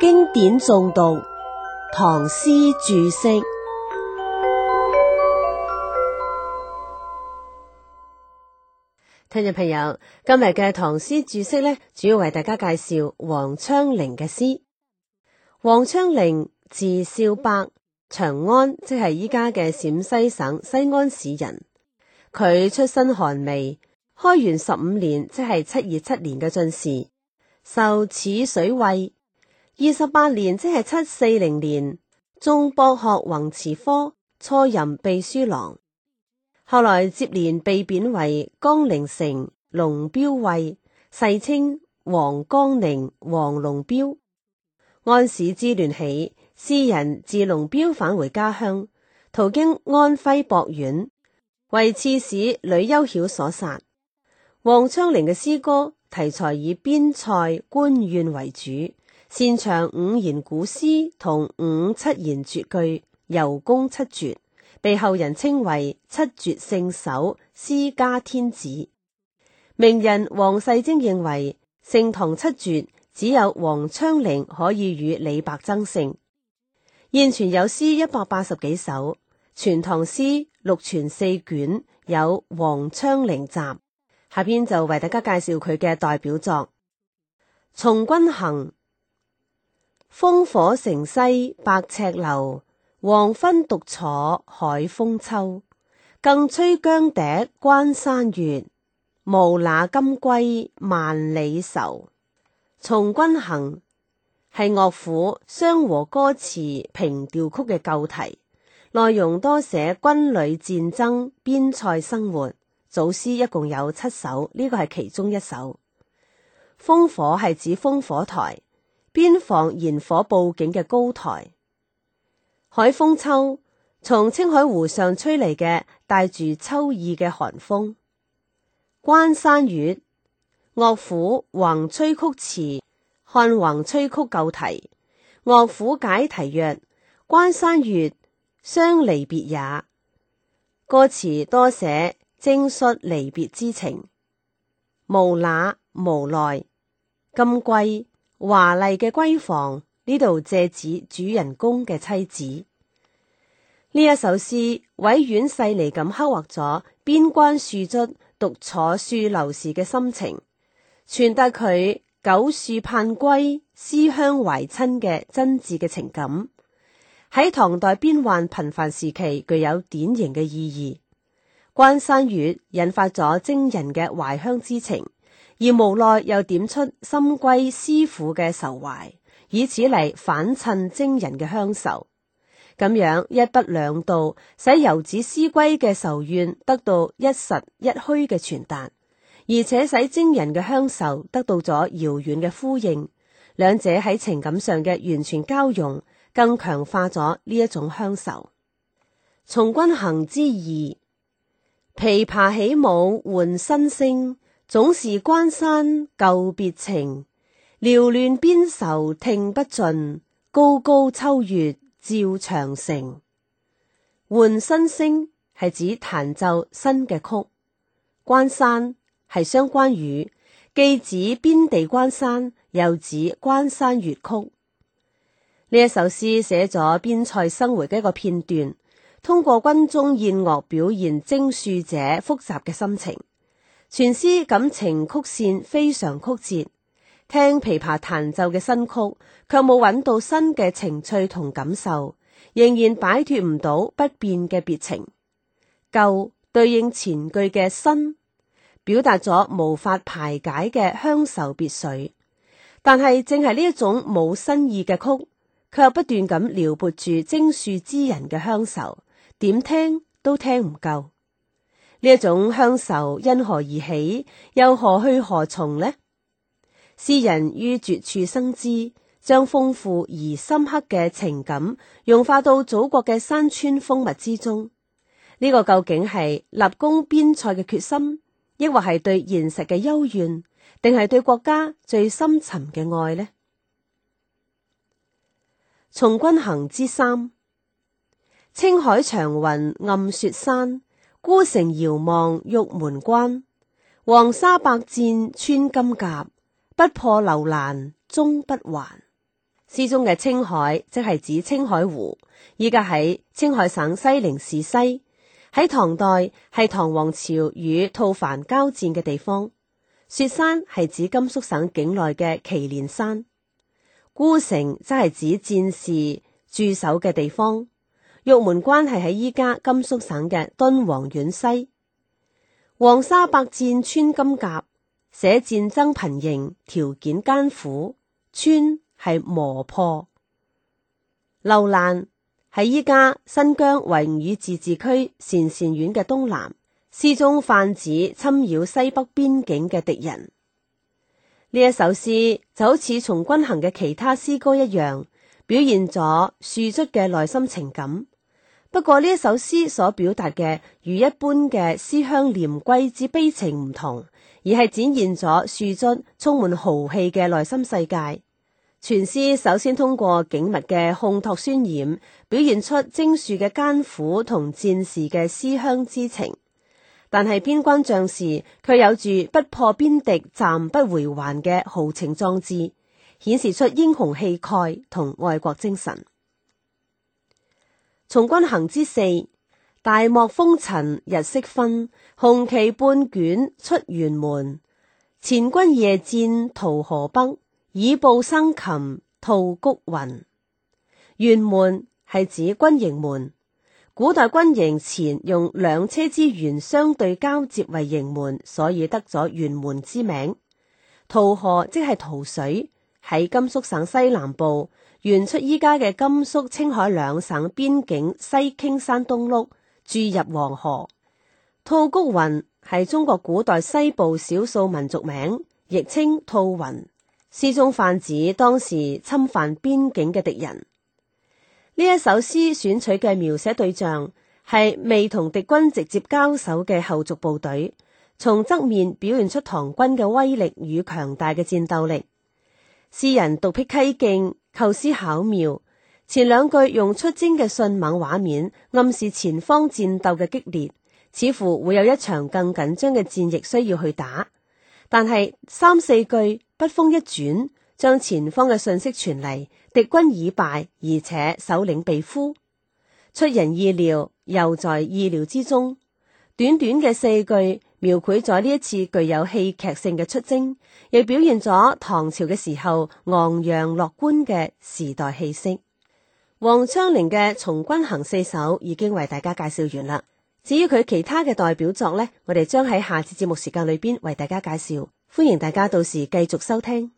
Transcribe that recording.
經典誦讀，唐詩注釋。聽眾朋友，今日嘅唐詩注釋呢，主要為大家介紹王昌齡嘅詩。王昌齡字少伯，長安即係依家嘅陝西省西安市人。佢出身寒微，開元十五年即係七二七年嘅進士，受此水尉。二十八年，即係七四零年，中博學宏詞科，初任秘書郎，後來接連被貶為江陵城龍標尉，世稱王江寧、王龍標。安史之亂起，詩人自龍標返回家鄉，途經安徽博縣，為刺史呂丘曉所殺。王昌齡嘅詩歌題材以邊塞、官怨為主。擅長五言古詩同五七言絕句，尤工七絕，被後人稱為七絕聖手、詩家天子。明人王世貞認為，盛唐七絕只有王昌齡可以與李白爭勝。現存有詩一百八十幾首，《全唐詩》六傳四卷有《王昌齡集》。下邊就為大家介紹佢嘅代表作《從軍行》。烽火城西百尺樓，黃昏獨坐海風秋。更吹羌笛關山月，無那金閨萬里愁。《從軍行》係樂府相和歌辭平調曲嘅舊題，內容多寫軍旅戰爭、邊塞生活。組詩一共有七首，呢個係其中一首。烽火係指烽火台。邊防燃火報警嘅高台，海風秋，從青海湖上吹嚟嘅，帶住秋意嘅寒風。關山月，樂府橫吹曲詞，漢橫吹曲舊題。樂府解題曰：關山月，傷離別也。歌詞多寫征戍離別之情，無那，無奈，金閨。華麗嘅閨房，呢度借指主人公嘅妻子。呢一首詩委婉細膩咁刻畫咗邊關戍卒獨坐戍樓時嘅心情，傳達佢久戍盼歸、思鄉懷親嘅真摯嘅情感。喺唐代邊患頻繁時期，具有典型嘅意義。關山月引發咗征人嘅懷鄉之情。而無奈又點出深閨師傅嘅愁懷，以此嚟反襯征人嘅鄉愁，咁樣一筆兩道，使游子思歸嘅仇怨得到一實一虛嘅傳達，而且使征人嘅鄉愁得到咗遙遠嘅呼應，兩者喺情感上嘅完全交融，更強化咗呢一種鄉愁。從軍行之二，琵琶起舞換新聲。總是關山舊別情，繚亂邊愁聽不盡。高高秋月照長城。換新聲係指彈奏新嘅曲。關山係相關語，既指邊地關山，又指關山月曲。呢一首詩寫咗邊塞生活嘅一個片段，通過軍中宴樂表現征戍者複雜嘅心情。全詩感情曲線非常曲折，聽琵琶彈奏嘅新曲，卻冇揾到新嘅情趣同感受，仍然擺脫唔到不變嘅別情。舊對應前句嘅新，表達咗無法排解嘅鄉愁別緒。但係正係呢一種冇新意嘅曲，卻不斷咁撩撥住征戍之人嘅鄉愁，點聽都聽唔夠。呢一種鄉愁因何而起，又何去何從呢？詩人於絕處生枝，將豐富而深刻嘅情感融化到祖國嘅山川風物之中。呢個究竟係立功邊塞嘅決心，抑或係對現實嘅幽怨，定係對國家最深沉嘅愛呢？從軍行之三，青海長雲暗雪山。孤城遙望玉門關，黃沙百戰穿金甲，不破樓蘭終不還。詩中嘅青海即係指青海湖，依家喺青海省西寧市西，喺唐代係唐王朝與吐蕃交戰嘅地方。雪山係指甘肅省境內嘅祁連山，孤城則係指戰士駐守嘅地方。玉門關係喺依家甘肅省嘅敦煌縣西，黃沙百戰穿金甲，寫戰爭頻營條件艱苦，穿係磨破。樓蘭喺依家新疆維吾爾自治區鄯善縣嘅東南。詩中泛指侵擾西北邊境嘅敵人。呢一首詩就好似從軍行嘅其他詩歌一樣，表現咗戍卒嘅內心情感。不過呢首詩所表達嘅，與一般嘅思鄉念歸之悲情唔同，而係展現咗戍卒充滿豪氣嘅內心世界。全詩首先通過景物嘅烘托渲染，表現出征戍嘅艱苦同戰士嘅思鄉之情。但係邊關將士卻有住不破邊敵，暫不回還嘅豪情壯志，顯示出英雄氣概同愛國精神。從軍行之四，大漠風塵日色昏，紅旗半捲出轅門。前軍夜戰洮河北，已報生擒吐谷渾。轅門係指軍營門，古代軍營前用兩車之轅相對交接為營門，所以得咗轅門之名。洮河即係洮水。喺甘肅省西南部，原出依家嘅甘肅、青海兩省邊境西傾山東麓注入黃河。吐谷渾，係中國古代西部少數民族名，亦稱吐渾。詩中泛指當時侵犯邊境嘅敵人。呢一首詩選取嘅描寫對象係未同敵軍直接交手嘅後續部隊，從側面表現出唐軍嘅威力與強大嘅戰鬥力。詩人獨辟蹊徑，構思巧妙。前兩句用出征嘅迅猛畫面，暗示前方戰鬥嘅激烈，似乎會有一場更緊張嘅戰役需要去打。但係三四句筆鋒一轉，將前方嘅信息傳嚟，敵軍已敗，而且首領被俘。出人意料，又在意料之中。短短嘅四句。描繪咗呢一次具有戲劇性嘅出征，亦表現咗唐朝嘅時候昂揚樂觀嘅時代氣息。王昌齡嘅《從軍行》四首已經為大家介紹完啦，至於佢其他嘅代表作咧，我哋將喺下次節目時間裏邊為大家介紹，歡迎大家到時繼續收聽。